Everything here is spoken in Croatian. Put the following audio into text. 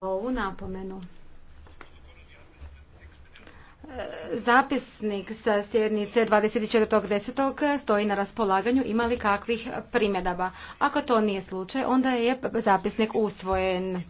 ovu napomenu. Zapisnik sa sjednice 24.10. stoji na raspolaganju ima li kakvih primjedaba. Ako to nije slučaj, onda je zapisnik usvojen.